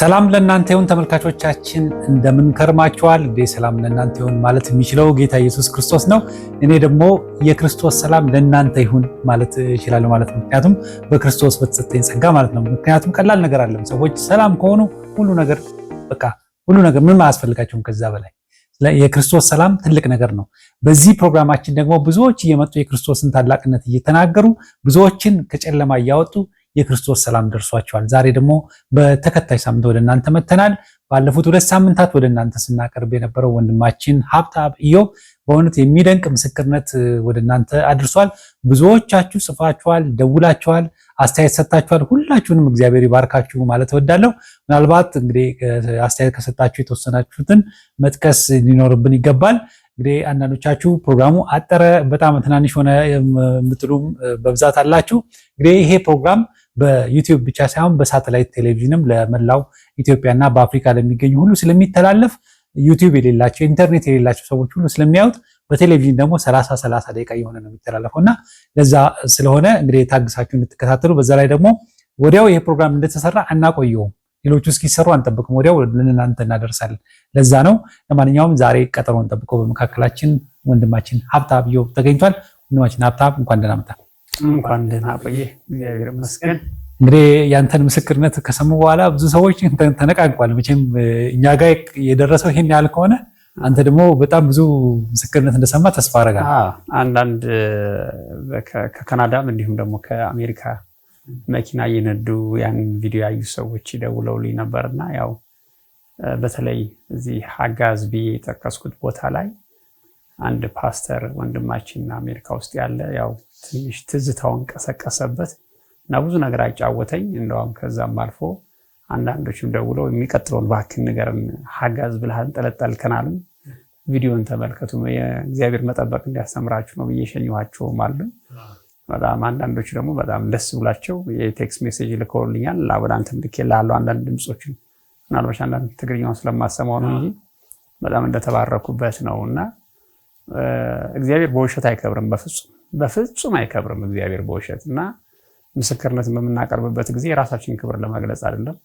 ሰላም ለእናንተ ይሁን ተመልካቾቻችን፣ እንደምን ከርማችኋል? እንዴ ሰላም ለእናንተ ይሁን ማለት የሚችለው ጌታ ኢየሱስ ክርስቶስ ነው። እኔ ደግሞ የክርስቶስ ሰላም ለእናንተ ይሁን ማለት እችላለሁ ማለት ነው። ምክንያቱም በክርስቶስ በተሰጠኝ ጸጋ ማለት ነው። ምክንያቱም ቀላል ነገር አለም። ሰዎች ሰላም ከሆኑ ሁሉ ነገር በቃ ሁሉ ነገር ምንም አያስፈልጋቸውም ከዛ በላይ። የክርስቶስ ሰላም ትልቅ ነገር ነው። በዚህ ፕሮግራማችን ደግሞ ብዙዎች እየመጡ የክርስቶስን ታላቅነት እየተናገሩ ብዙዎችን ከጨለማ እያወጡ የክርስቶስ ሰላም ደርሷቸዋል። ዛሬ ደግሞ በተከታይ ሳምንት ወደ እናንተ መተናል። ባለፉት ሁለት ሳምንታት ወደ እናንተ ስናቀርብ የነበረው ወንድማችን ሀብተአብ ኢዮብ በእውነት የሚደንቅ ምስክርነት ወደ እናንተ አድርሷል። ብዙዎቻችሁ ጽፋችኋል፣ ደውላችኋል፣ አስተያየት ሰጥታችኋል። ሁላችሁንም እግዚአብሔር ይባርካችሁ ማለት እወዳለሁ። ምናልባት እንግዲህ አስተያየት ከሰጣችሁ የተወሰናችሁትን መጥቀስ ሊኖርብን ይገባል። እንግዲህ አንዳንዶቻችሁ ፕሮግራሙ አጠረ፣ በጣም ትናንሽ ሆነ የምትሉም በብዛት አላችሁ። እንግዲህ ይሄ ፕሮግራም በዩቲዩብ ብቻ ሳይሆን በሳተላይት ቴሌቪዥንም ለመላው ኢትዮጵያና በአፍሪካ ለሚገኙ ሁሉ ስለሚተላለፍ ዩቲዩብ የሌላቸው ኢንተርኔት የሌላቸው ሰዎች ሁሉ ስለሚያዩት በቴሌቪዥን ደግሞ ሰላሳ ሰላሳ ደቂቃ የሆነ ነው የሚተላለፈው እና ለዛ ስለሆነ እንግዲህ የታግሳችሁ እንድትከታተሉ በዛ ላይ ደግሞ ወዲያው ይሄ ፕሮግራም እንደተሰራ አናቆየውም። ሌሎቹ እስኪሰሩ አንጠብቅም። ወዲያው ለእናንተ እናደርሳለን። ለዛ ነው። ለማንኛውም ዛሬ ቀጠሮ ጠብቆ በመካከላችን ወንድማችን ሀብታብ ተገኝቷል። ወንድማችን ሀብታብ እንኳን ደህና መጣህ። እንኳን ደህና ቆየ። እግዚአብሔር ይመስገን። እንግዲህ ያንተን ምስክርነት ከሰሙ በኋላ ብዙ ሰዎች ተነቃንቋል። መቼም እኛ ጋር የደረሰው ይሄን ያህል ከሆነ አንተ ደግሞ በጣም ብዙ ምስክርነት እንደሰማ ተስፋ አረጋ። አንዳንድ ከካናዳም እንዲሁም ደግሞ ከአሜሪካ መኪና እየነዱ ያን ቪዲዮ ያዩ ሰዎች ደውለውልኝ ነበርና ያው በተለይ እዚህ ሀጋዝ ብዬ የጠቀስኩት ቦታ ላይ አንድ ፓስተር ወንድማችን አሜሪካ ውስጥ ያለ ያው ትንሽ ትዝታውን ቀሰቀሰበት እና ብዙ ነገር አጫወተኝ። እንደውም ከዛም አልፎ አንዳንዶችም ደውለው የሚቀጥለውን እባክህ ንገረን፣ ሀጋዝ ብልሃል ጠለጠልከናልም ቪዲዮን ተመልከቱ የእግዚአብሔር መጠበቅ እንዲያስተምራችሁ ነው ብዬ ሸኘኋቸውም አሉ። በጣም አንዳንዶች ደግሞ በጣም ደስ ብላቸው የቴክስ ሜሴጅ ልከውልኛል። ወዳንተ ምልኬ ላለው አንዳንድ ድምፆችን ምናልባሽ አንዳንድ ትግርኛውን ስለማሰማው ነው እንጂ በጣም እንደተባረኩበት ነው እና እግዚአብሔር በውሸት አይከብርም በፍጹም። በፍጹም አይከብርም እግዚአብሔር በውሸት እና ምስክርነትን በምናቀርብበት ጊዜ የራሳችን ክብር ለመግለጽ አይደለም፣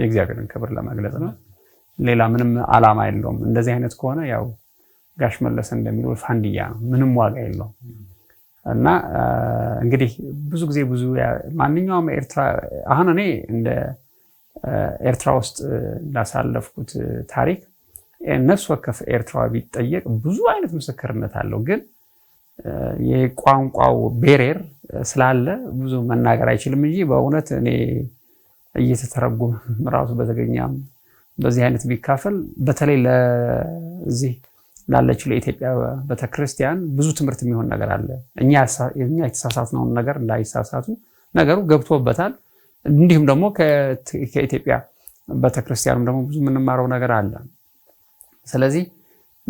የእግዚአብሔርን ክብር ለመግለጽ ነው። ሌላ ምንም አላማ የለውም። እንደዚህ አይነት ከሆነ ያው ጋሽ መለሰ እንደሚለው ፋንድያ ነው፣ ምንም ዋጋ የለውም። እና እንግዲህ ብዙ ጊዜ ብዙ ማንኛውም ኤርትራ አሁን እኔ እንደ ኤርትራ ውስጥ እንዳሳለፍኩት ታሪክ ነፍስ ወከፍ ኤርትራ ቢጠየቅ ብዙ አይነት ምስክርነት አለው ግን የቋንቋው ቤሬር ስላለ ብዙ መናገር አይችልም እንጂ በእውነት እኔ እየተተረጉም ራሱ በተገኛም በዚህ አይነት ቢካፈል በተለይ ለዚህ ላለችው ለኢትዮጵያ ቤተክርስቲያን ብዙ ትምህርት የሚሆን ነገር አለ። እኛ የተሳሳትነውን ነገር እንዳይሳሳቱ ነገሩ ገብቶበታል። እንዲሁም ደግሞ ከኢትዮጵያ ቤተክርስቲያንም ደግሞ ብዙ የምንማረው ነገር አለ። ስለዚህ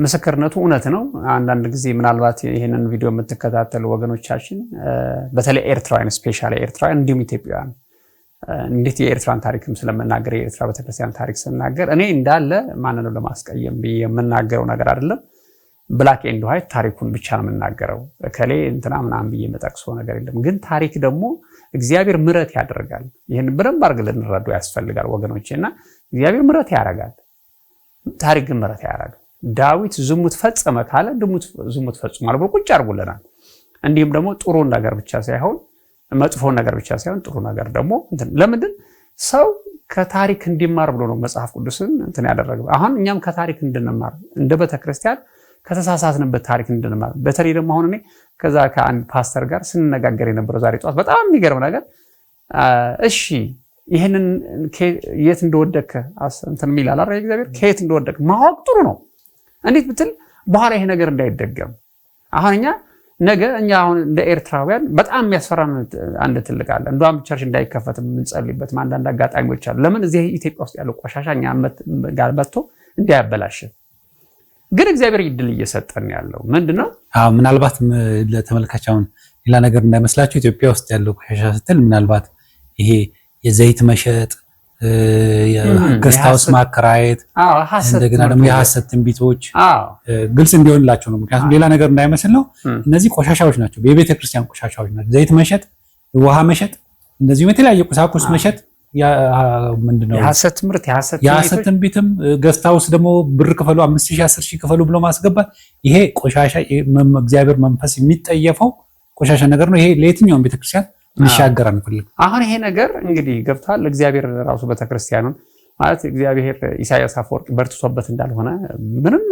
ምስክርነቱ እውነት ነው። አንዳንድ ጊዜ ምናልባት ይህንን ቪዲዮ የምትከታተሉ ወገኖቻችን በተለይ ኤርትራውያን ስፔሻሊ ኤርትራውያን እንዲሁም ኢትዮጵያውያን እንዴት የኤርትራን ታሪክም ስለምናገር የኤርትራ ቤተክርስቲያን ታሪክ ስናገር እኔ እንዳለ ማንንም ለማስቀየም ብዬ የምናገረው ነገር አይደለም። ብላክ ኤንድ ዋይት ታሪኩን ብቻ ነው የምናገረው። እከሌ እንትና ምናምን ብዬ የምጠቅሰው ነገር የለም። ግን ታሪክ ደግሞ እግዚአብሔር ምረት ያደርጋል። ይህን በደንብ አድርገን ልንረዱ ያስፈልጋል ወገኖቼ እና እግዚአብሔር ምረት ያረጋል፣ ታሪክ ግን ምረት ያረጋል። ዳዊት ዝሙት ፈጸመ ካለ ዝሙት ፈጽሟል ብሎ ቁጭ አድርጎልናል። እንዲሁም ደግሞ ጥሩ ነገር ብቻ ሳይሆን መጥፎ ነገር ብቻ ሳይሆን ጥሩ ነገር ደግሞ ለምንድን ሰው ከታሪክ እንዲማር ብሎ ነው መጽሐፍ ቅዱስን እንትን ያደረገው። አሁን እኛም ከታሪክ እንድንማር እንደ ቤተክርስቲያን ከተሳሳትንበት ታሪክ እንድንማር በተለይ ደግሞ አሁን እኔ ከዛ ከአንድ ፓስተር ጋር ስንነጋገር የነበረው ዛሬ ጠዋት በጣም የሚገርም ነገር እሺ ይህንን የት እንደወደክ እንትን የሚል አላ እግዚአብሔር ከየት እንደወደክ ማወቅ ጥሩ ነው። እንዴት ብትል በኋላ ይሄ ነገር እንዳይደገም አሁን እኛ ነገ እኛ አሁን እንደ ኤርትራውያን በጣም የሚያስፈራ አንድ ትልቅ አለ። እንደውም ቸርች እንዳይከፈት የምንጸልይበት አንዳንድ አጋጣሚዎች አሉ። ለምን እዚህ ኢትዮጵያ ውስጥ ያለው ቆሻሻ እኛ ጋር መጥቶ እንዳያበላሽ ግን እግዚአብሔር ይድል እየሰጠን ያለው ምንድን ነው? ምናልባት ለተመልካች አሁን ሌላ ነገር እንዳይመስላቸው ኢትዮጵያ ውስጥ ያለው ቆሻሻ ስትል ምናልባት ይሄ የዘይት መሸጥ የገስታውስ ማከራየት እንደገና ደግሞ የሀሰት ትንቢቶች ግልጽ እንዲሆንላቸው ነው። ምክንያቱም ሌላ ነገር እንዳይመስል ነው። እነዚህ ቆሻሻዎች ናቸው፣ የቤተ ክርስቲያን ቆሻሻዎች ናቸው። ዘይት መሸጥ፣ ውሃ መሸጥ፣ እንደዚሁ የተለያየ ቁሳቁስ መሸጥ ምንድነው የሐሰት ትምህርት የሐሰት ትንቢትም ገስታውስ ደግሞ ብር ክፈሉ አምስት ሺህ አስር ሺህ ክፈሉ ብሎ ማስገባት ይሄ ቆሻሻ እግዚአብሔር መንፈስ የሚጠየፈው ቆሻሻ ነገር ነው። ይሄ ለየትኛውም ቤተክርስቲያን እንሻገር አንፈልግ። አሁን ይሄ ነገር እንግዲህ ገብቷል። እግዚአብሔር ራሱ ቤተክርስቲያኑን ማለት እግዚአብሔር ኢሳያስ አፈወርቅ በርትቶበት እንዳልሆነ ምንም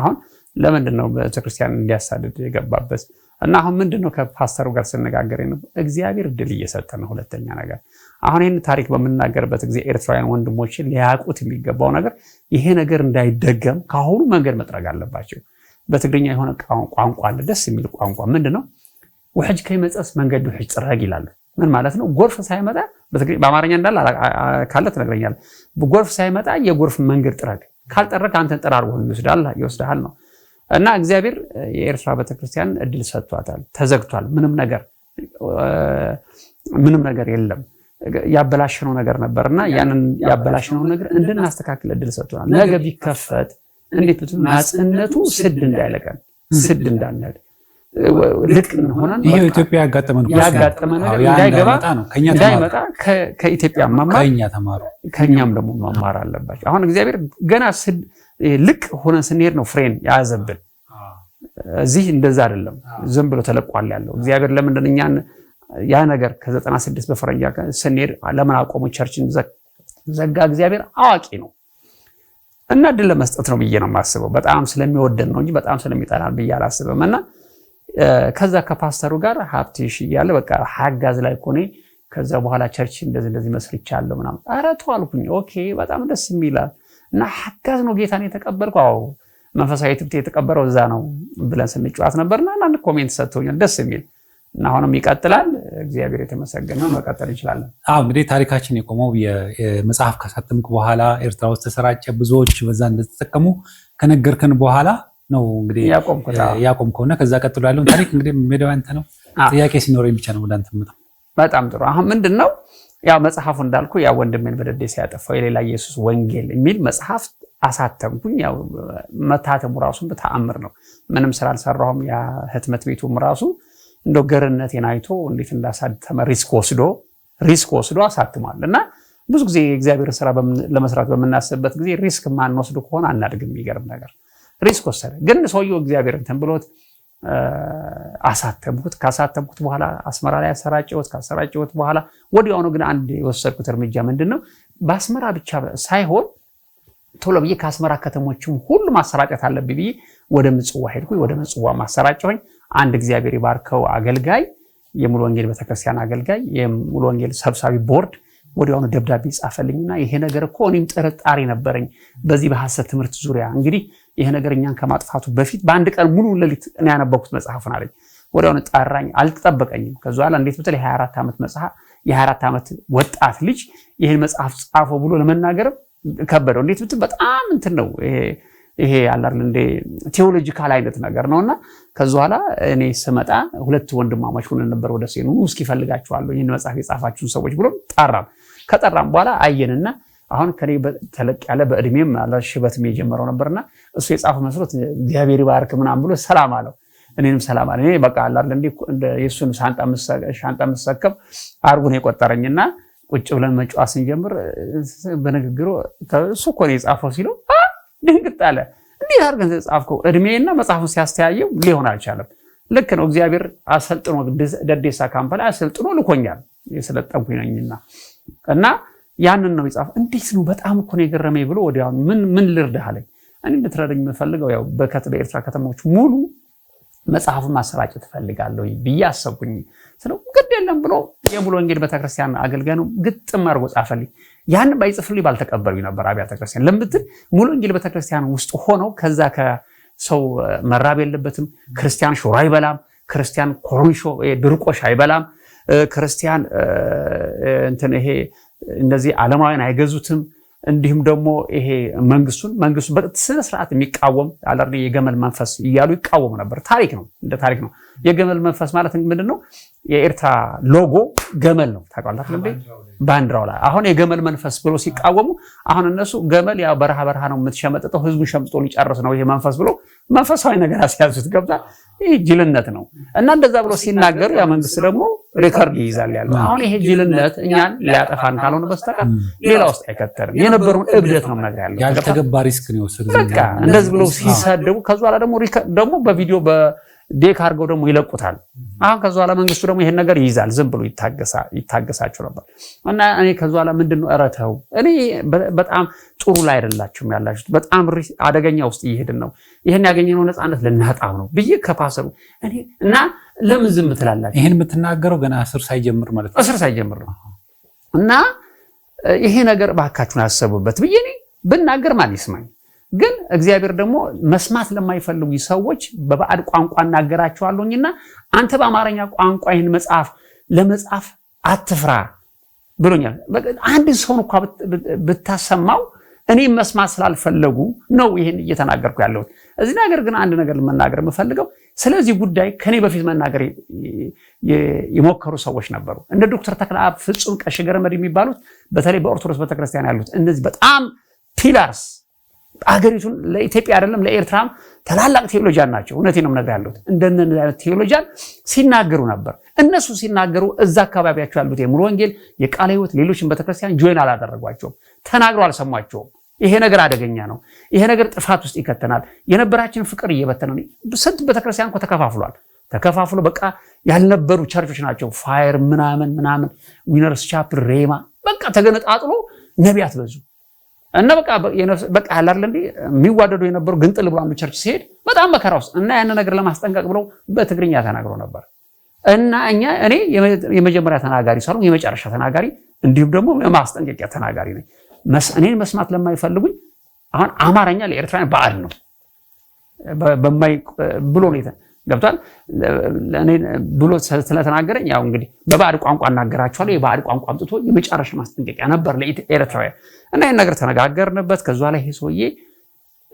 አሁን ለምንድን ነው ቤተክርስቲያን እንዲያሳድድ የገባበት? እና አሁን ምንድን ነው ከፓስተሩ ጋር ስነጋገር እግዚአብሔር ድል እየሰጠ ነው። ሁለተኛ ነገር አሁን ይህን ታሪክ በምናገርበት ጊዜ ኤርትራውያን ወንድሞችን ሊያውቁት የሚገባው ነገር ይሄ ነገር እንዳይደገም ከአሁኑ መንገድ መጥረግ አለባቸው። በትግርኛ የሆነ ቋንቋ አለ፣ ደስ የሚል ቋንቋ ምንድን ነው ውሕጅ ከይመፀስ መንገዲ ውሕጅ ፅረግ ይላሉ። ምን ማለት ነው? ጎርፍ ሳይመጣ በአማርኛ እንዳለ ካለ ትነግረኛል። ጎርፍ ሳይመጣ የጎርፍ መንገድ ጥረግ፣ ካልጠረግ አንተን ጠራርጎ ይወስድሃል ነው እና እግዚአብሔር የኤርትራ ቤተክርስቲያን እድል ሰጥቷታል። ተዘግቷል። ምንም ነገር ምንም ነገር የለም። ያበላሽነው ነገር ነበር እና ያንን ያበላሽነው ነገር እንድናስተካክል እድል ሰጥቶናል። ነገ ቢከፈት እንዴት ብትሉ ናጽነቱ ስድ እንዳይለቀን ስድ እንዳንሄድ ልጥቅ ሆነን ይሄው ኢትዮጵያ ያጋጠመን ያጋጠመን ነገር እንዳይገባ እንዳይመጣ ከኢትዮጵያ መማር ከኛም ደግሞ መማር አለባቸው። አሁን እግዚአብሔር ገና ልቅ ሆነን ስንሄድ ነው ፍሬን የያዘብን። እዚህ እንደዛ አይደለም፣ ዝም ብሎ ተለቋል ያለው እግዚአብሔር። ለምንድን እኛን ያ ነገር ከዘጠና ስድስት በፈረንጅ ስንሄድ ለምን አቆሙ ቸርችን ዘጋ? እግዚአብሔር አዋቂ ነው እና እድል ለመስጠት ነው ብዬ ነው የማስበው። በጣም ስለሚወደን ነው እንጂ በጣም ስለሚጠላን ብዬ አላስብም እና ከዛ ከፓስተሩ ጋር ሀብትሽ እያለ በቃ ሀጋዝ ላይ ኮኔ ከዛ በኋላ ቸርች እንደዚህ እንደዚህ መስርቻለሁ ምናምን ኧረ አልኩኝ። ኦኬ በጣም ደስ የሚላል እና ሀጋዝ ነው ጌታን የተቀበልኩ አዎ መንፈሳዊ ትብት የተቀበረው እዛ ነው ብለን ስንጫወት ነበርና አንዳንድ ኮሜንት ሰጥቶኛል ደስ የሚል እና አሁንም ይቀጥላል። እግዚአብሔር የተመሰገነ መቀጠል እንችላለን። አዎ እንግዲህ ታሪካችን የቆመው መጽሐፍ ካሳተምክ በኋላ ኤርትራ ውስጥ ተሰራጨ፣ ብዙዎች በዛ እንደተጠቀሙ ከነገርከን በኋላ ነው እንግዲህ ያቆምከው እና ከዛ ቀጥሎ ያለውን ታሪክ እንግዲህ ሜዳው ያንተ ነው። ጥያቄ ሲኖረኝ ብቻ ነው ወዳንተ በጣም ጥሩ። አሁን ምንድን ነው ያው መጽሐፉ እንዳልኩ ያ ወንድሜን በደዴ ያጠፋው የሌላ ኢየሱስ ወንጌል የሚል መጽሐፍ አሳተምኩኝ። ያው መታተሙ ራሱን በተአምር ነው። ምንም ስራ አልሰራሁም። ያ ህትመት ቤቱም ራሱ እንደ ገርነቴን አይቶ እንዴት እንዳሳተመ ሪስክ ወስዶ ሪስክ ወስዶ አሳትሟል እና ብዙ ጊዜ የእግዚአብሔርን ስራ ለመስራት በምናስብበት ጊዜ ሪስክ ማንወስዱ ከሆነ አናድግም። የሚገርም ነገር ሪስክ ወሰደ። ግን ሰውየው እግዚአብሔር እንትን ብሎት አሳተምኩት። ካሳተምኩት በኋላ አስመራ ላይ አሰራጨሁት። ካሰራጨሁት በኋላ ወዲያውኑ ግን አንድ የወሰድኩት እርምጃ ምንድን ነው? በአስመራ ብቻ ሳይሆን ቶሎ ብዬ ከአስመራ ከተሞችም ሁሉ ማሰራጨት አለብኝ ብዬ ወደ ምጽዋ ሄድኩ። ወደ ምጽዋ ማሰራጨሁኝ። አንድ እግዚአብሔር ይባርከው አገልጋይ፣ የሙሉ ወንጌል ቤተክርስቲያን አገልጋይ፣ የሙሉ ወንጌል ሰብሳቢ ቦርድ ወዲያውኑ ደብዳቤ ጻፈልኝና ይሄ ነገር እኮ እኔም ጥርጣሬ ነበረኝ በዚህ በሐሰት ትምህርት ዙሪያ እንግዲህ ይሄ ነገር እኛን ከማጥፋቱ በፊት በአንድ ቀን ሙሉ ሌሊት እኔ ያነበብኩት መጽሐፉን አለኝ። ወዲያውኑ ጠራኝ። አልተጠበቀኝም። ከዚ በኋላ እንዴት ብትል የ24 ዓመት መጽሐፍ የ24 ዓመት ወጣት ልጅ ይህን መጽሐፍ ጻፎ ብሎ ለመናገርም ከበደው። እንዴት ብትል በጣም እንትን ነው ይሄ አላል እንደ ቴዎሎጂካል አይነት ነገር ነው። እና ከዚ በኋላ እኔ ስመጣ ሁለት ወንድማማች ሆነ ነበር። ወደ ሴኑ እስኪ ይህን መጽሐፍ የጻፋችሁን ሰዎች ብሎ ጠራም። ከጠራም በኋላ አየንና አሁን ከኔ ተለቅ ያለ በእድሜም ሽበት የጀመረው ነበርና እሱ የጻፈ መስሎት እግዚአብሔር ይባርክ ምናምን ብሎ ሰላም አለው። እኔንም ሰላም አለ። እኔ በቃ አለ የእሱን ሻንጣ ምሰከብ አርጉን የቆጠረኝና ቁጭ ብለን መጫዋ ስንጀምር በንግግሩ እሱ እኮ ነው የጻፈው ሲለው ድንግጥ አለ። እንዲህ አድርገን ተጻፍከው? እድሜና መጽሐፉን ሲያስተያየው ሊሆን አልቻለም። ልክ ነው። እግዚአብሔር አሰልጥኖ ደዴሳ ካምፓኒ አሰልጥኖ ልኮኛል የሰለጠንኩኝ ነኝና እና ያንን ነው የጻፈው። እንዴት ስሉ በጣም እኮ ነው የገረመኝ ብሎ ወዲያ ምን ምን ልርዳህ አለኝ። እኔ እንድትረዳኝ የምፈልገው ያው በኤርትራ ከተሞች ሙሉ መጽሐፉን ማሰራጨት እፈልጋለሁ ብዬ አሰብኩኝ። ስለ ግድ የለም ብሎ የብሎ ወንጌል ቤተክርስቲያን አገልጋይ ነው ግጥም አድርጎ ጻፈልኝ። ያንን ባይጽፍልኝ ባልተቀበሉኝ ነበር አብያተ ክርስቲያን ለምትል ሙሉ ወንጌል ቤተክርስቲያን ውስጥ ሆነው ከዛ ከሰው መራብ የለበትም ክርስቲያን ሾሮ አይበላም፣ ክርስቲያን ኮርንሾ ድርቆሽ አይበላም፣ ክርስቲያን እንትን ይሄ እንደዚህ ዓለማውያን አይገዙትም። እንዲሁም ደግሞ ይሄ መንግስቱን መንግስቱ በስነ ስርዓት የሚቃወም አለ የገመል መንፈስ እያሉ ይቃወሙ ነበር። ታሪክ ነው፣ እንደ ታሪክ ነው። የገመል መንፈስ ማለት ምንድን ነው? የኤርትራ ሎጎ ገመል ነው። ታውቃላችሁ ባንዲራው ላይ አሁን የገመል መንፈስ ብሎ ሲቃወሙ አሁን እነሱ ገመል ያ በረሃ በረሃ ነው የምትሸመጥጠው፣ ህዝቡ ሸምጦ ሊጨርስ ነው ይሄ መንፈስ ብሎ መንፈሳዊ ነገር አስያዙት። ገብታ ይህ ጅልነት ነው እና እንደዛ ብሎ ሲናገሩ ያ መንግስት ደግሞ ሪከርድ ይይዛል ያለ አሁን ይሄ ጅልነት እኛን ሊያጠፋን ካልሆነ በስተቀር ሌላ ውስጥ አይከተልም። የነበረውን እብደት ነው ነገር ያለው ያልተገባ ሪስክ ነው። በቃ እንደዚህ ብሎ ሲሳደቡ ከዛ ደግሞ በቪዲዮ ዴክ አድርገው ደግሞ ይለቁታል። አሁን ከዚ በኋላ መንግስቱ ደግሞ ይሄን ነገር ይይዛል። ዝም ብሎ ይታገሳቸው ነበር እና እኔ ከዚ በኋላ ምንድን ነው እረተው እኔ በጣም ጥሩ ላይ አይደላችሁም ያላችሁት፣ በጣም አደገኛ ውስጥ እየሄድን ነው፣ ይህን ያገኘነው ነፃነት ልናጣው ነው ብዬ ከፓሰሩ እና ለምን ዝም ትላላችሁ? ይህን የምትናገረው ገና እስር ሳይጀምር ማለት ነው፣ እስር ሳይጀምር ነው። እና ይሄ ነገር እባካችሁን አሰቡበት ብዬ እኔ ብናገር ማን ይስማኝ? ግን እግዚአብሔር ደግሞ መስማት ለማይፈልጉ ሰዎች በባዕድ ቋንቋ እናገራቸዋለሁኝና አንተ በአማርኛ ቋንቋ ይህን መጽሐፍ ለመጻፍ አትፍራ ብሎኛል። አንድ ሰውን እኳ ብታሰማው እኔ መስማት ስላልፈለጉ ነው ይህን እየተናገርኩ ያለሁት። እዚህ ነገር ግን አንድ ነገር መናገር የምፈልገው ስለዚህ ጉዳይ ከኔ በፊት መናገር የሞከሩ ሰዎች ነበሩ። እንደ ዶክተር ተክለአብ ፍጹም ቀሽ ገረመድ የሚባሉት በተለይ በኦርቶዶክስ ቤተክርስቲያን ያሉት እነዚህ በጣም ፒላርስ አገሪቱን ለኢትዮጵያ አይደለም ለኤርትራም ታላላቅ ቴዎሎጂያን ናቸው። እውነቴን ነው የምነግርህ ያሉት እንደነዚህ አይነት ቴዎሎጂያን ሲናገሩ ነበር። እነሱ ሲናገሩ እዛ አካባቢያቸው ያሉት የሙሉ ወንጌል፣ የቃለ ሕይወት፣ ሌሎችን ቤተክርስቲያን ጆይን አላደረጓቸውም። ተናግሮ አልሰሟቸውም። ይሄ ነገር አደገኛ ነው። ይሄ ነገር ጥፋት ውስጥ ይከተናል። የነበራችን ፍቅር እየበተነ ስንት ቤተክርስቲያን እኮ ተከፋፍሏል። ተከፋፍሎ በቃ ያልነበሩ ቸርቾች ናቸው ፋየር ምናምን ምናምን ዊነርስ ቻፕል ሬማ በቃ ተገነጣጥሎ ነቢያት በዙ። እና በቃ በቃ አለ አይደል እንዴ የሚዋደዱ የነበሩ ግንጥል ብሎ አንዱ ቸርች ሲሄድ በጣም መከራ ውስጥ እና ያን ነገር ለማስጠንቀቅ ብለው በትግርኛ ተናግረው ነበር። እና እኛ እኔ የመጀመሪያ ተናጋሪ ሳልሆን የመጨረሻ ተናጋሪ እንዲሁም ደግሞ የማስጠንቀቂያ ተናጋሪ ነኝ። እኔን መስማት ለማይፈልጉኝ አሁን አማርኛ ለኤርትራን ባዕድ ነው በማይ ብሎ ነው ገብቷል። ለእኔ ብሎ ስለተናገረኝ ያው እንግዲህ በባዕድ ቋንቋ እናገራቸዋለሁ። የባዕድ ቋንቋ አምጥቶ የመጨረሻ ማስጠንቀቂያ ነበር ለኤርትራውያን እና ይህን ነገር ተነጋገርንበት። ከዛ ላይ ሰውዬ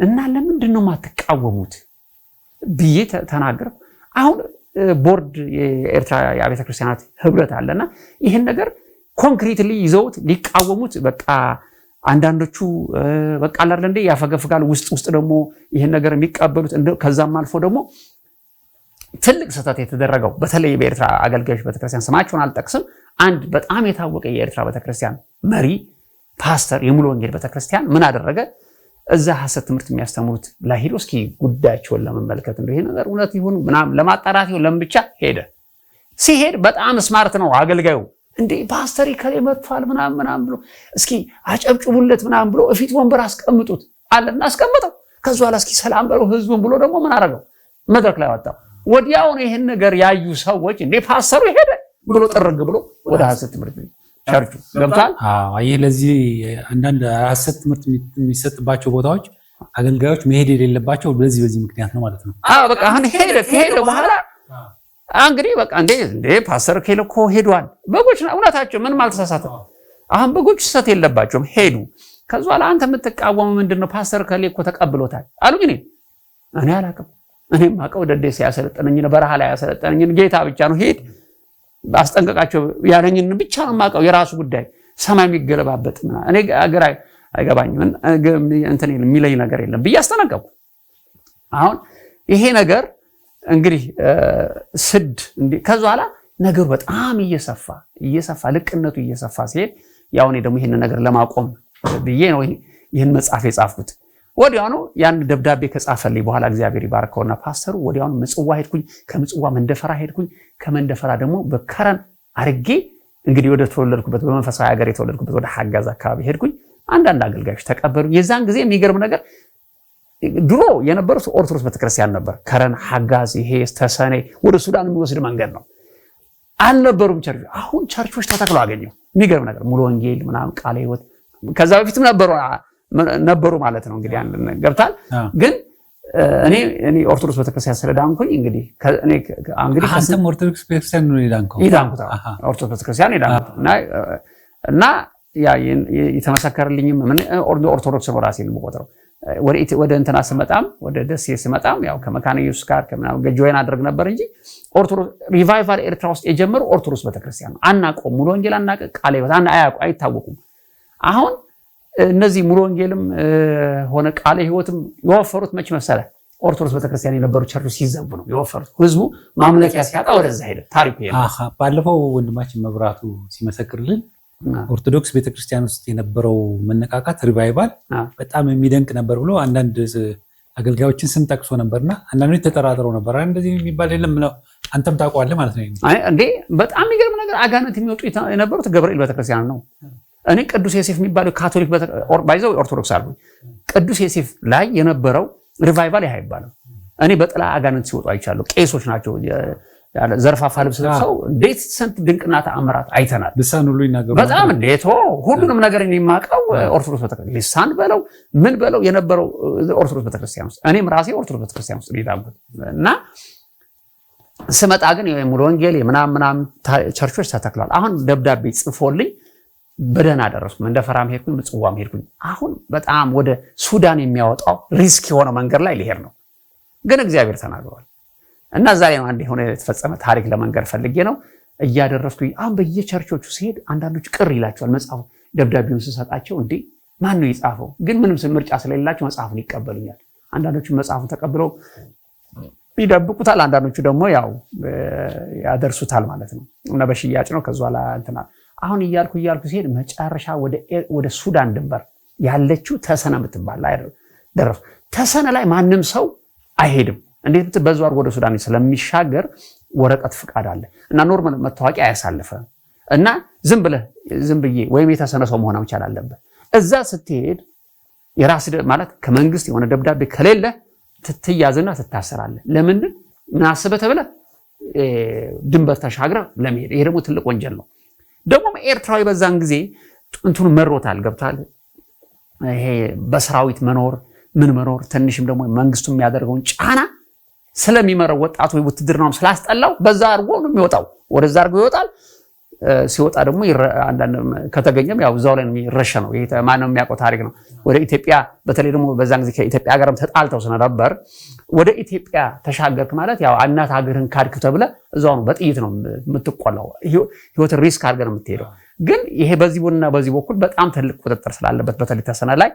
እና ለምንድን ነው የማትቃወሙት ብዬ ተናገርኩ። አሁን ቦርድ የኤርትራ የቤተ ክርስቲያናት ህብረት አለና ይህን ነገር ኮንክሪትሊ ይዘውት ሊቃወሙት በቃ አንዳንዶቹ በቃ አላለ እንደ ያፈገፍጋል። ውስጥ ውስጥ ደግሞ ይህን ነገር የሚቀበሉት ከዛም አልፎ ደግሞ ትልቅ ስህተት የተደረገው በተለይ በኤርትራ አገልጋዮች ቤተክርስቲያን ስማቸውን አልጠቅስም። አንድ በጣም የታወቀ የኤርትራ ቤተክርስቲያን መሪ ፓስተር፣ የሙሉ ወንጌል ቤተክርስቲያን ምን አደረገ? እዛ ሀሰት ትምህርት የሚያስተምሩት ላይ ሄዶ እስኪ ጉዳያቸውን ለመመልከት እንደ ይሄ ነገር እውነት ይሁን ምናምን ለማጣራት ይሁን ለምን ብቻ ሄደ። ሲሄድ በጣም ስማርት ነው አገልጋዩ። እንዴ ፓስተር ከሌ መጥቷል ምናም ምናም ብሎ እስኪ አጨብጭቡለት ምናም ብሎ እፊት ወንበር አስቀምጡት አለና አስቀምጠው። ከዚ ኋላ እስኪ ሰላም በለው ህዝቡን ብሎ ደግሞ ምን አደረገው? መድረክ ላይ ወጣው። ወዲያውን ይህን ነገር ያዩ ሰዎች እንዴ ፓስተሩ ሄደ ብሎ ጥርግ ብሎ ወደ ሀሰት ትምህርት ቤት ቸርቹ ገብቷል። ይህ ለዚህ አንዳንድ ሀሰት ትምህርት የሚሰጥባቸው ቦታዎች አገልጋዮች መሄድ የሌለባቸው በዚህ በዚህ ምክንያት ነው ማለት ነው። በቃ አሁን ሄደ ከሄደ በኋላ እንግዲህ በቃ እንዴ እንዴ ፓስተር ኬል እኮ ሄዷል። በጎች እውነታቸው ምንም አልተሳሳተም። አሁን በጎች ስህተት የለባቸውም ሄዱ። ከዚ በኋላ አንተ የምትቃወሙ ምንድን ነው? ፓስተር ከሌ እኮ ተቀብሎታል አሉኝ። እኔ አላውቅም እኔም አቀው ደደሴ ያሰለጠነኝን በረሃ ላይ ያሰለጠነኝን ጌታ ብቻ ነው። ሄድ አስጠንቀቃቸው ያለኝን ብቻ ነው የማውቀው። የራሱ ጉዳይ ሰማይ የሚገለባበት ምናምን እኔ አገር አይገባኝም እንትን የሚለኝ ነገር የለም ብዬ አስጠነቀቁ። አሁን ይሄ ነገር እንግዲህ ስድ ከዚ በኋላ ነገሩ በጣም እየሰፋ እየሰፋ ልቅነቱ እየሰፋ ሲሄድ ያው እኔ ደግሞ ይህን ነገር ለማቆም ብዬ ነው ይህን መጽሐፍ የጻፍኩት። ወዲያውኑ ያን ደብዳቤ ከጻፈልኝ በኋላ እግዚአብሔር ይባርከውና ፓስተሩ ወዲያውኑ ምጽዋ ሄድኩኝ። ከምጽዋ መንደፈራ ሄድኩኝ። ከመንደፈራ ደግሞ በከረን አርጌ እንግዲህ ወደ ተወለድኩበት በመንፈሳዊ ሀገር የተወለድኩበት ወደ ሀጋዝ አካባቢ ሄድኩኝ። አንዳንድ አገልጋዮች ተቀበሉ። የዛን ጊዜ የሚገርም ነገር ድሮ የነበሩት ኦርቶዶክስ ቤተክርስቲያን ነበር። ከረን ሀጋዝ፣ ይሄ ተሰኔ ወደ ሱዳን የሚወስድ መንገድ ነው። አልነበሩም ቸርቾች። አሁን ቸርቾች ተተክለው አገኘው። የሚገርም ነገር ሙሉ ወንጌል ምናምን ቃለ ህይወት ከዛ በፊትም ነበሩ ነበሩ ማለት ነው። እንግዲህ አንድ ገብታል ግን እኔ እኔ ኦርቶዶክስ ቤተክርስቲያን ስለዳንኩኝ እንግዲህ እኔ እንግዲህ አንተም ኦርቶዶክስ ቤተክርስቲያን ነው የዳንከው? የዳንኩት ኦርቶዶክስ ቤተክርስቲያን የዳንኩት እና እና ያ የተመሰከረልኝም ምን ኦርቶዶክስ ነው ራሴን የምቆጥረው። ወደ እንትና ስመጣም ወደ ደሴ ስመጣም ያው ከመካነ ኢየሱስ ጋር ከምናምን ገጆይን አድርግ ነበር እንጂ ኦርቶዶክስ ሪቫይቫል ኤርትራ ውስጥ የጀመሩ ኦርቶዶክስ ቤተክርስቲያን ነው። አናውቀውም፣ ሙሉ ወንጌል አናቀ ቃለ ሕይወት አያውቁ አይታወቁም አሁን እነዚህ ሙሉ ወንጌልም ሆነ ቃለ ሕይወትም የወፈሩት መች መሰለ ኦርቶዶክስ ቤተክርስቲያን የነበሩ ቸርች ሲዘቡ ነው የወፈሩት። ህዝቡ ማምለኪያ ሲያጣ ወደዛ ሄደ። ታሪኩ ባለፈው ወንድማችን መብራቱ ሲመሰክርልን ኦርቶዶክስ ቤተክርስቲያን ውስጥ የነበረው መነቃቃት ሪቫይቫል በጣም የሚደንቅ ነበር ብሎ አንዳንድ አገልጋዮችን ስም ጠቅሶ ነበርና አንዳንዶች ተጠራጥረው ነበር። እንደዚህ የሚባል የለም ነው አንተም ታውቀዋለህ ማለት ነው። እንዴ በጣም የሚገርም ነገር አጋነት የሚወጡ የነበሩት ገብርኤል ቤተክርስቲያን ነው። እኔ ቅዱስ ዮሴፍ የሚባለው ካቶሊክ ባይዘው ኦርቶዶክስ አሉ። ቅዱስ ዮሴፍ ላይ የነበረው ሪቫይቫል ይህ አይባልም። እኔ በጥላ አጋንንት ሲወጡ አይቻለሁ። ቄሶች ናቸው ዘርፋፋ ልብስ ለብሰው እንዴት ስንት ድንቅና ተአምራት አይተናል። ልሳን ሁሉ ይናገሩ በጣም እንዴት ሁሉንም ነገር የማውቀው ኦርቶዶክስ ቤተክርስቲያን ልሳን በለው ምን በለው የነበረው ኦርቶዶክስ ቤተክርስቲያን ውስጥ እኔም ራሴ ኦርቶዶክስ ቤተክርስቲያን ውስጥ ሄዳጉት እና ስመጣ ግን የሙሉ ወንጌል የምናም ምናም ቸርቾች ተተክሏል። አሁን ደብዳቤ ጽፎልኝ በደህና ደረስኩ። ፈራም ሄድኩኝ፣ ምጽዋም ሄድኩኝ። አሁን በጣም ወደ ሱዳን የሚያወጣው ሪስክ የሆነው መንገድ ላይ ሊሄድ ነው፣ ግን እግዚአብሔር ተናግሯል እና ዛሬ ነው አንድ የሆነ የተፈጸመ ታሪክ ለመንገድ ፈልጌ ነው። እያደረስኩኝ አሁን በየቸርቾቹ ሲሄድ አንዳንዶች ቅር ይላቸዋል። መጽሐፉ ደብዳቤውን ስሰጣቸው እንዴ ማን ነው የጻፈው? ግን ምንም ምርጫ ስለሌላቸው መጽሐፉን ይቀበሉኛል። አንዳንዶቹ መጽሐፉን ተቀብለው ይደብቁታል። አንዳንዶቹ ደግሞ ያው ያደርሱታል ማለት ነው እና በሽያጭ ነው ከዚ ላ አሁን እያልኩ እያልኩ ሲሄድ መጨረሻ ወደ ሱዳን ድንበር ያለችው ተሰነ የምትባል ላይ ደረሱ። ተሰነ ላይ ማንም ሰው አይሄድም። እንዴት ብትል በዛ አድርጎ ወደ ሱዳን ስለሚሻገር ወረቀት ፍቃድ አለ እና ኖርማል መታወቂያ አያሳልፈ እና ዝም ብለህ ዝም ብዬ ወይም የተሰነ ሰው መሆን መቻል አለበት። እዛ ስትሄድ የራስ ማለት ከመንግስት የሆነ ደብዳቤ ከሌለ ትትያዝና ትታሰራለህ። ለምንድን ምን አስበህ ተብለህ ድንበር ተሻግረህ ለመሄድ ይሄ ደግሞ ትልቅ ወንጀል ነው። ደግሞም ኤርትራዊ በዛን ጊዜ እንትኑ መሮታል ገብቷል። ይሄ በሰራዊት መኖር ምን መኖር ትንሽም ደግሞ መንግስቱ የሚያደርገውን ጫና ስለሚመረው ወጣቱ ውትድርናውም ስላስጠላው በዛ አድርጎ ነው የሚወጣው፣ ወደዛ አድርጎ ይወጣል። ሲወጣ ደግሞ ከተገኘም ያው እዛው ላይ የሚረሸ ነው። ማንም የሚያውቀው ታሪክ ነው። ወደ ኢትዮጵያ በተለይ ደግሞ በዛን ጊዜ ከኢትዮጵያ ሀገርም ተጣልተው ስለነበር ወደ ኢትዮጵያ ተሻገርክ ማለት ያው እናት ሀገርህን ካድክ ተብለ እዛው ነው በጥይት ነው የምትቆላው። ህይወት ሪስክ አድርገን የምትሄደው ግን ይሄ በዚህ ቡና በዚህ በኩል በጣም ትልቅ ቁጥጥር ስላለበት በተለይ ተሰነ ላይ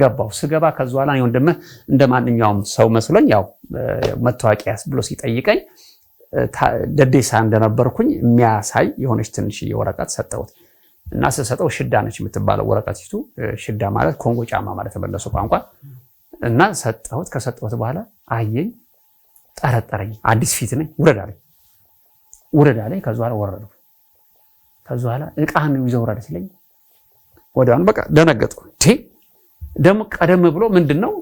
ገባው ስገባ ከዚ በኋላ ወንድምህ እንደ ማንኛውም ሰው መስሎኝ ያው መታወቂያ ብሎ ሲጠይቀኝ ደዴሳ እንደነበርኩኝ የሚያሳይ የሆነች ትንሽዬ ወረቀት ሰጠሁት እና ስሰጠው ሽዳ ነች የምትባለው ወረቀት ሽዳ ማለት ኮንጎ ጫማ ማለት የመለሱ ቋንቋ እና ሰጠሁት። ከሰጠሁት በኋላ አየኝ፣ ጠረጠረኝ። አዲስ ፊት ነኝ። ውረድ አለኝ፣ ውረድ አለኝ። ከዚ በኋላ ወረድኩ። ከዚ በኋላ እቃህን ይዘው ውረድ ሲለኝ ወዲያውኑ በቃ ደነገጥኩ። ደግሞ ቀደም ብሎ ምንድን ነው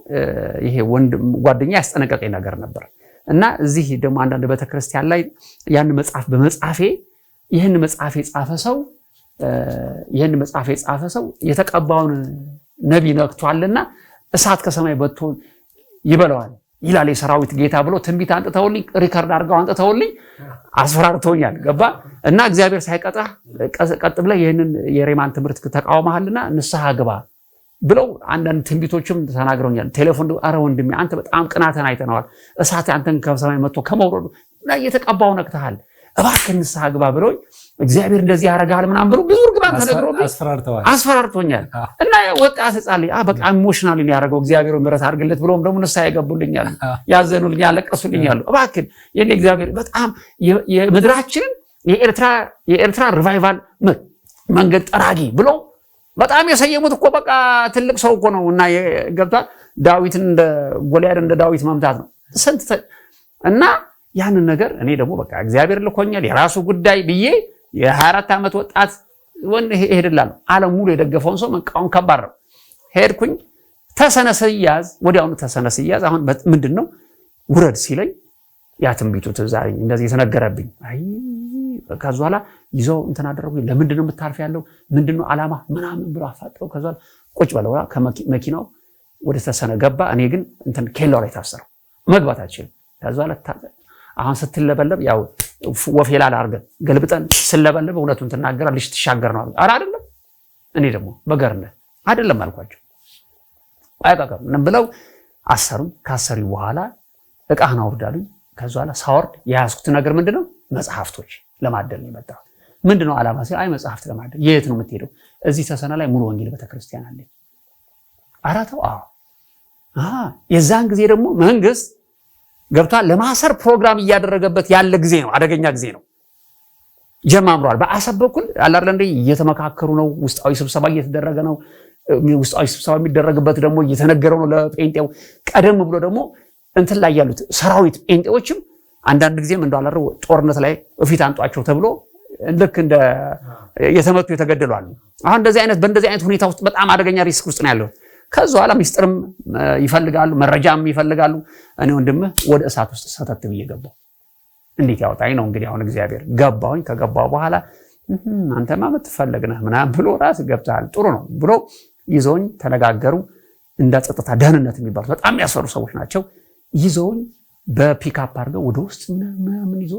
ይሄ ወንድ ጓደኛ ያስጠነቀቀኝ ነገር ነበር። እና እዚህ ደግሞ አንዳንድ ቤተክርስቲያን ላይ ያን መጽሐፍ በመጻፌ ይህን መጽሐፍ የጻፈ ሰው ይህን መጽሐፍ የጻፈ ሰው የተቀባውን ነቢይ ነክቷልና እሳት ከሰማይ በቶ ይበለዋል ይላል የሰራዊት ጌታ ብሎ ትንቢት አንጥተውልኝ ሪከርድ አድርገው አንጥተውልኝ አስፈራርተውኛል። ገባ እና እግዚአብሔር ሳይቀጣ ቀጥ ብለህ ይህንን የሬማን ትምህርት ተቃውመሃልና ንስሐ ግባ ብለው አንዳንድ ትንቢቶችም ተናግረውኛል። ቴሌፎን አረ ወንድሜ አንተ በጣም ቅናተን አይተነዋል። እሳት አንተን ከሰማይ መጥቶ ከመውረዱ እና እየተቀባው ነቅተሃል፣ እባክህ ንስሐ ግባ ብለው እግዚአብሔር እንደዚህ ያደርግሃል ምናምን ብሎ ብዙ እርግማን ተነግሮብኝ አስፈራርቶኛል። እና ወጣ ህፃን ልጅ በቃ ኢሞሽናል ያደረገው እግዚአብሔር ምሕረት አድርግለት ብሎም ደግሞ ንስሐ ይገቡልኛል፣ ያዘኑልኛል፣ ያለቀሱልኛሉ። እባክህን የኔ እግዚአብሔር በጣም የምድራችንን የኤርትራ ሪቫይቫል መንገድ ጠራጊ ብሎ በጣም የሰየሙት እኮ በቃ ትልቅ ሰው እኮ ነው። እና ገብቷል። ዳዊትን እንደ ጎልያድ እንደ ዳዊት መምታት ነው ስንት እና ያንን ነገር እኔ ደግሞ በቃ እግዚአብሔር ልኮኛል የራሱ ጉዳይ ብዬ የ24 ዓመት ወጣት ወን ሄድላለሁ። አለም ሙሉ የደገፈውን ሰው መቃወም ከባድ ነው። ሄድኩኝ ስያዝ ወዲያውኑ ተሰነስያዝ። አሁን ምንድን ነው ውረድ ሲለኝ ያ ትንቢቱ ትዛኝ እንደዚህ የተነገረብኝ ከዛ በኋላ ይዘው እንትን አደረጉ። ለምንድን ነው የምታርፍ ያለው ምንድን ነው አላማ ምናምን ብሎ አፋጥረው ከዛ ቁጭ ብለው ከመኪናው ወደ ተሰነ ገባ። እኔ ግን እንትን ኬላው ላይ ታሰረው መግባት አልችልም። ከዛ በኋላ አሁን ስትለበለብ ያው ወፌላል አድርገን ገልብጠን ስለበለብ እውነቱን ትናገራለች ትሻገር ነው አ አይደለም። እኔ ደግሞ በገርነት አደለም አልኳቸው። አይቃቀም ብለው አሰሩኝ። ካሰሪ በኋላ እቃህን አውርዳሉኝ። ከዛ በኋላ ሳወርድ የያዝኩት ነገር ምንድነው መጽሐፍቶች ለማደል ነው የመጣው። ምንድነው ዓላማ ሲል አይ መጽሐፍት ለማደል። የት ነው የምትሄደው? እዚህ ተሰና ላይ ሙሉ ወንጌል ቤተክርስቲያን አለ አራተው አዎ የዛን ጊዜ ደግሞ መንግስት ገብቷ ለማሰር ፕሮግራም እያደረገበት ያለ ጊዜ ነው። አደገኛ ጊዜ ነው። ጀማምሯል። በአሰብ በኩል አላለ እንደ እየተመካከሩ ነው። ውስጣዊ ስብሰባ እየተደረገ ነው። ውስጣዊ ስብሰባ የሚደረግበት ደግሞ እየተነገረው ነው ለጴንጤው። ቀደም ብሎ ደግሞ እንትን ላይ ያሉት ሰራዊት ጴንጤዎችም አንዳንድ ጊዜም እንደዋለር ጦርነት ላይ እፊት አንጧቸው ተብሎ ልክ እንደ የተመቱ የተገደሉ አሉ። አሁን እንደዚህ አይነት በእንደዚህ አይነት ሁኔታ ውስጥ በጣም አደገኛ ሪስክ ውስጥ ነው ያለው። ከዚ በኋላ ሚስጥርም ይፈልጋሉ፣ መረጃም ይፈልጋሉ። እኔ ወንድምህ ወደ እሳት ውስጥ ሰተት ብዬ ገባሁ። እንዴት ያወጣኝ ነው እንግዲህ አሁን እግዚአብሔር ገባሁኝ። ከገባሁ በኋላ አንተማ የምትፈለግ ነህ ምናምን ብሎ ራስ ገብተሃል ጥሩ ነው ብሎ ይዘውኝ ተነጋገሩ። እንደ ጸጥታ ደህንነት የሚባሉት በጣም ያስፈሩ ሰዎች ናቸው። ይዞኝ በፒካፕ አድርገው ወደ ውስጥ ምናምን ይዞ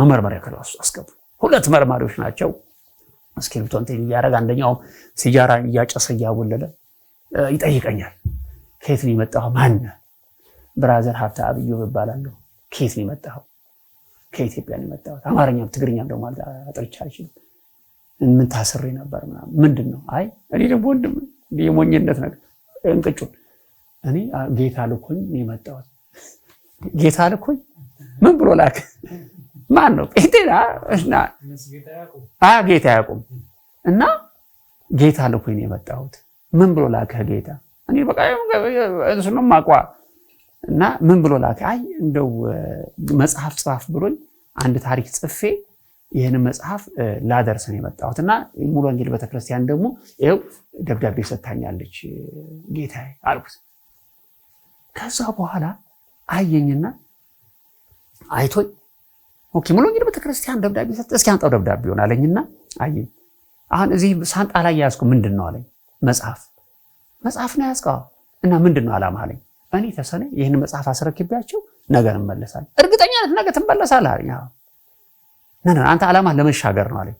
መመርመሪያ ክላስ አስገቡ። ሁለት መርማሪዎች ናቸው። እስክሪብቶ ቴን እያደረገ አንደኛውም ሲጃራ እያጨሰ እያወለለ ይጠይቀኛል። ከየት ነው የመጣኸው? ማን ብራዘር ሀብተ አብዮ እባላለሁ። ከየት ነው የመጣኸው? ከኢትዮጵያ ነው የመጣሁት። አማርኛም ትግርኛም ደግሞ አጥርቻ አልችልም። ምን ታስሪ ነበር ምናምን ምንድን ነው? አይ እኔ ደግሞ ወንድም የሞኝነት ነገር እንቅጩን እኔ ጌታ ልኮኝ ነው የመጣሁት ጌታ ልኮኝ ምን ብሎ ላክ? ማን ነው ጴንጤና ጌታ ያቁም እና ጌታ ልኮኝ ነው የመጣሁት። ምን ብሎ ላክህ ጌታ? እኔ በቃ እሱን ነው ማቋ እና ምን ብሎ ላክ? አይ እንደው መጽሐፍ ጻፍ ብሎኝ አንድ ታሪክ ጽፌ ይህን መጽሐፍ ላደርስ ነው የመጣሁት እና ሙሉ ወንጌል ቤተክርስቲያን ደግሞ ይኸው ደብዳቤ ሰታኛለች ጌታ አልኩት። ከዛ በኋላ አየኝና አይቶኝ ኦኬ ሙሉ እንግዲህ ቤተክርስቲያን ደብዳቤ ሰጥ እስኪ አንጣው ደብዳቤ ሆን አለኝና አየኝ። አሁን እዚህ ሳንጣ ላይ የያዝኩት ምንድን ነው አለኝ። መጽሐፍ መጽሐፍ ነው ያዝከው እና ምንድን ነው ዓላማ አለኝ። እኔ ተሰነ ይህን መጽሐፍ አስረክቢያቸው ነገ እንመለሳለን። እርግጠኛ ነህ ነገ ትመለሳለህ አለኝ። ነን አንተ ዓላማ ለመሻገር ነው አለኝ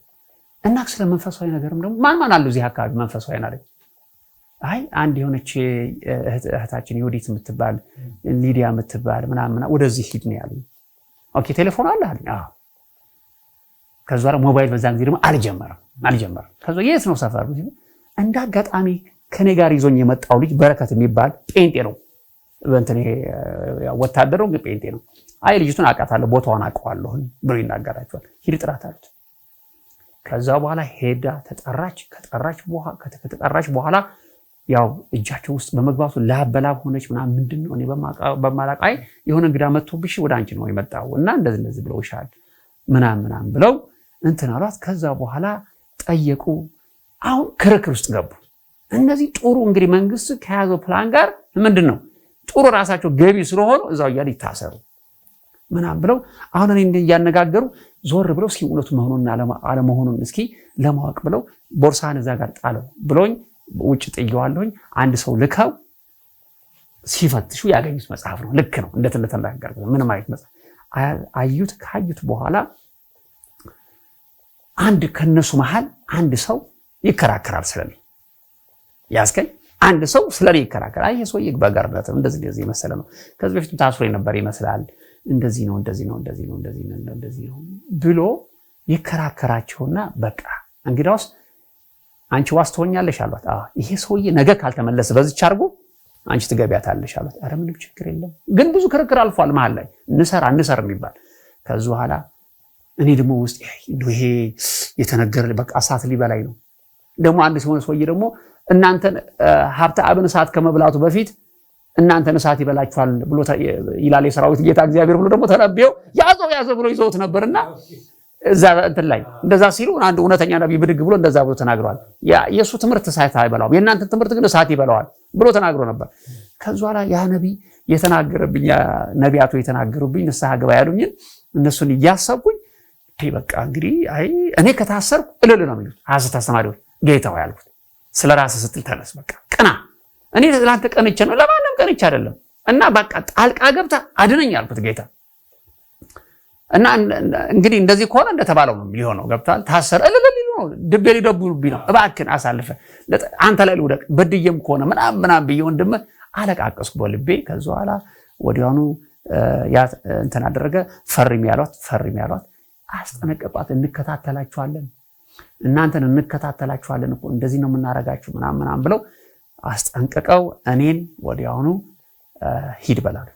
እና ስለ መንፈሳዊ ነገርም ደግሞ ማን ማን አሉ እዚህ አካባቢ መንፈሳዊ አለኝ አይ አንድ የሆነች እህታችን ዩዲት የምትባል ሊዲያ የምትባል ምናምና ወደዚህ ሂድ ነው ያሉኝ። ኦኬ ቴሌፎን አለ አሉኝ። ከዛ ሞባይል በዛን ጊዜ ደግሞ አልጀመረም አልጀመረም። ከዛ የት ነው ሰፈር? እንደ አጋጣሚ ከኔ ጋር ይዞኝ የመጣው ልጅ በረከት የሚባል ጴንጤ ነው፣ በእንትን ወታደር ነው፣ ግን ጴንጤ ነው። አይ ልጅቱን አውቃታለሁ፣ ቦታዋን አውቀዋለሁ ብሎ ይናገራቸዋል። ሂድ ጥራት አሉት። ከዛ በኋላ ሄዳ ተጠራች። ከጠራች በኋላ ያው እጃቸው ውስጥ በመግባቱ ላብ በላብ ሆነች ምናምን ምንድን ነው እኔ አይ የሆነ እንግዳ መጥቶብሽ ወደ አንቺ ነው የመጣው እና እንደዚህ እንደዚህ ብለውሻል ምናምን ምናምን ብለው እንትን አሏት። ከዛ በኋላ ጠየቁ። አሁን ክርክር ውስጥ ገቡ። እነዚህ ጥሩ እንግዲህ መንግስት ከያዘው ፕላን ጋር ምንድን ነው ጥሩ ራሳቸው ገቢ ስለሆኑ እዛው እያለ ይታሰሩ ምናምን ብለው አሁን እኔ እያነጋገሩ ዞር ብለው እስኪ እውነቱ መሆኑን አለመሆኑን እስኪ ለማወቅ ብለው ቦርሳን እዛ ጋር ጣለው ብሎኝ ውጭ ጥየዋለሁኝ። አንድ ሰው ልከው ሲፈትሹ ያገኙት መጽሐፍ ነው። ልክ ነው፣ እንዴት እንደተናገርኩት ምንም አይነት መጽሐፍ አዩት። ካዩት በኋላ አንድ ከነሱ መሀል አንድ ሰው ይከራከራል ስለኔ ያስገኝ አንድ ሰው ስለኔ ይከራከራል። ይሄ ሰው ይግባጋርነት እንደዚህ እንደዚህ የመሰለ ነው። ከዚህ በፊትም ታስሮ የነበር ይመስላል። እንደዚህ ነው እንደዚህ ነው እንደዚህ ነው እንደዚህ ነው ብሎ ይከራከራቸውና በቃ እንግዲያውስ አንቺ ዋስ ትሆኛለሽ አሏት። ይሄ ሰውዬ ነገ ካልተመለስ በዝቻ አድርጎ አንቺ ትገቢያታለሽ አሏት። ኧረ ምንም ችግር የለም ግን ብዙ ክርክር አልፏል መሀል ላይ እንሰራ እንሰር የሚባል ከዚ በኋላ እኔ ደግሞ ውስጥ ይሄ የተነገረ በቃ እሳት ሊበላይ ነው። ደግሞ አንድ ሲሆነ ሰውዬ ደግሞ እናንተን ሀብተ አብን እሳት ከመብላቱ በፊት እናንተን እሳት ይበላችኋል ብሎ ይላል የሰራዊት ጌታ እግዚአብሔር ብሎ ደግሞ ተነብየው ያዘው ያዘው ብሎ ይዘውት ነበርና እዛ እንትን ላይ እንደዛ ሲሉ አንድ እውነተኛ ነቢይ ብድግ ብሎ እንደዛ ብሎ ተናግረዋል። የእሱ ትምህርት እሳት አይበላውም፣ የእናንተን ትምህርት ግን እሳት ይበላዋል ብሎ ተናግሮ ነበር። ከዚ በኋላ ያ ነቢይ የተናገረብኝ ነቢያቱ የተናገሩብኝ ንስሐ ግባ ያሉኝን እነሱን እያሰብኩኝ በቃ እንግዲህ አይ እኔ ከታሰርኩ እልል ነው የሚሉት ሐሰት አስተማሪዎች። ጌታው ያልኩት ስለ ራስ ስትል ተነስ፣ በቃ ቅና። እኔ ለአንተ ቀንቼ ነው ለማንም ቀንቼ አይደለም። እና በቃ ጣልቃ ገብታ አድነኝ ያልኩት ጌታ እና እንግዲህ እንደዚህ ከሆነ እንደተባለው ነው ሊሆነው። ገብተዋል። ታሰረ እልል ነው ድቤ ሊደቡብኝ ነው። እባክን አሳልፈ አንተ ላይ ልውደቅ በድዬም ከሆነ ምናም ምናም ብዬ ወንድም አለቃቀስኩ በልቤ። ከዚ በኋላ ወዲያውኑ እንትን አደረገ። ፈርም ያሏት ፈርም ያሏት አስጠነቀቋት። እንከታተላችኋለን፣ እናንተን እንከታተላችኋለን እኮ እንደዚህ ነው የምናረጋችሁ ምናም ምናም ብለው አስጠንቅቀው እኔን ወዲያውኑ ሂድ በላሉ።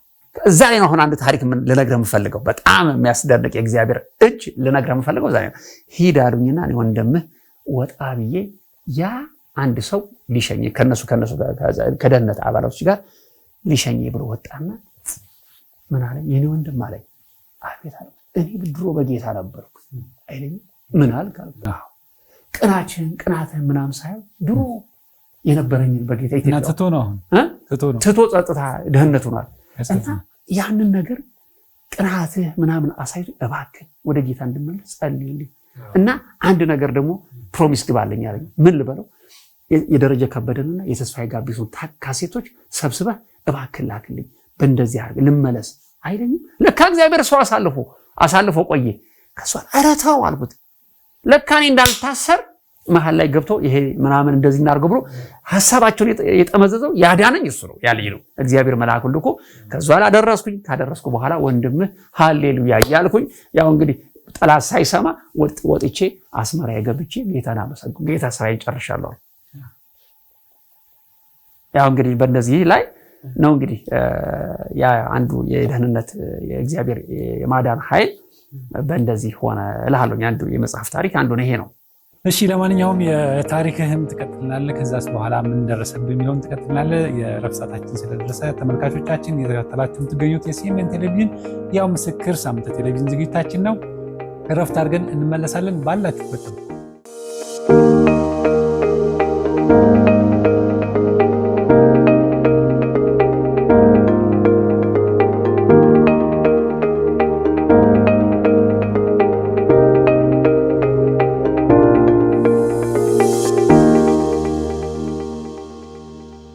እዛ ላይ አሁን አንድ ታሪክ ልነግርህ የምፈልገው በጣም የሚያስደንቅ የእግዚአብሔር እጅ ልነግርህ የምፈልገው እዛ ሂድ አሉኝና ወንድምህ ወጣ ብዬ ያ አንድ ሰው ሊሸኝ ከነሱ ከነሱ ከደህንነት አባላቶች ጋር ሊሸኝ ብሎ ወጣና ምን አለ የኔ ወንድም አለኝ። አቤት አለ። እኔ ድሮ በጌታ ነበርኩ አይለኝ። ምን አልክ? ቅናችን ቅናትህን ምናምን ሳይሆን ድሮ የነበረኝን በጌታ ትቶ ነው ትቶ ጸጥታ ድህነት ሆኗል። እና ያንን ነገር ቅናትህ ምናምን አሳይ፣ እባክህ ወደ ጌታ እንድመለስ ጸልይልኝ እና አንድ ነገር ደግሞ ፕሮሚስ ግባለኝ አለኝ። ምን ልበለው? የደረጀ ከበደንና የተስፋዬ ጋቢሶን ካሴቶች ሰብስበህ እባክህ ላክልኝ፣ በእንደዚህ አድርገህ ልመለስ አይለኝም። ለካ እግዚአብሔር ሰው አሳልፎ አሳልፎ ቆየ። ከሷ ኧረ ተው አልኩት። ለካ እኔ እንዳልታሰር መሀል ላይ ገብቶ ይሄ ምናምን እንደዚህ እናርገ ብሎ ሀሳባቸውን የጠመዘዘው ያዳነኝ እሱ ነው ያልኝ ነው። እግዚአብሔር መልአኩን ልኮ ከዛ ላደረስኩኝ። ካደረስኩ በኋላ ወንድምህ ሀሌሉያ እያልኩኝ ያው እንግዲህ ጠላት ሳይሰማ ወጥቼ አስመራ የገብቼ ጌታን አመሰግ ጌታ ስራ ይጨርሻለሁ። ያው እንግዲህ በእነዚህ ላይ ነው እንግዲህ አንዱ የደህንነት የእግዚአብሔር የማዳን ኃይል በእንደዚህ ሆነ እልሃለሁ። አንዱ የመጽሐፍ ታሪክ አንዱ ይሄ ነው። እሺ ለማንኛውም የታሪክህን ትቀጥልናለህ። ከዛስ በኋላ ምን ደረሰብህ የሚለውን ትቀጥልናለህ። የእረፍት ሰዓታችን ስለደረሰ ተመልካቾቻችን እየተከታተላችሁ የምትገኙት የሲኤምኤን ቴሌቪዥን ያው ምስክር ሳምንት ቴሌቪዥን ዝግጅታችን ነው። እረፍት አድርገን እንመለሳለን። ባላችሁበትም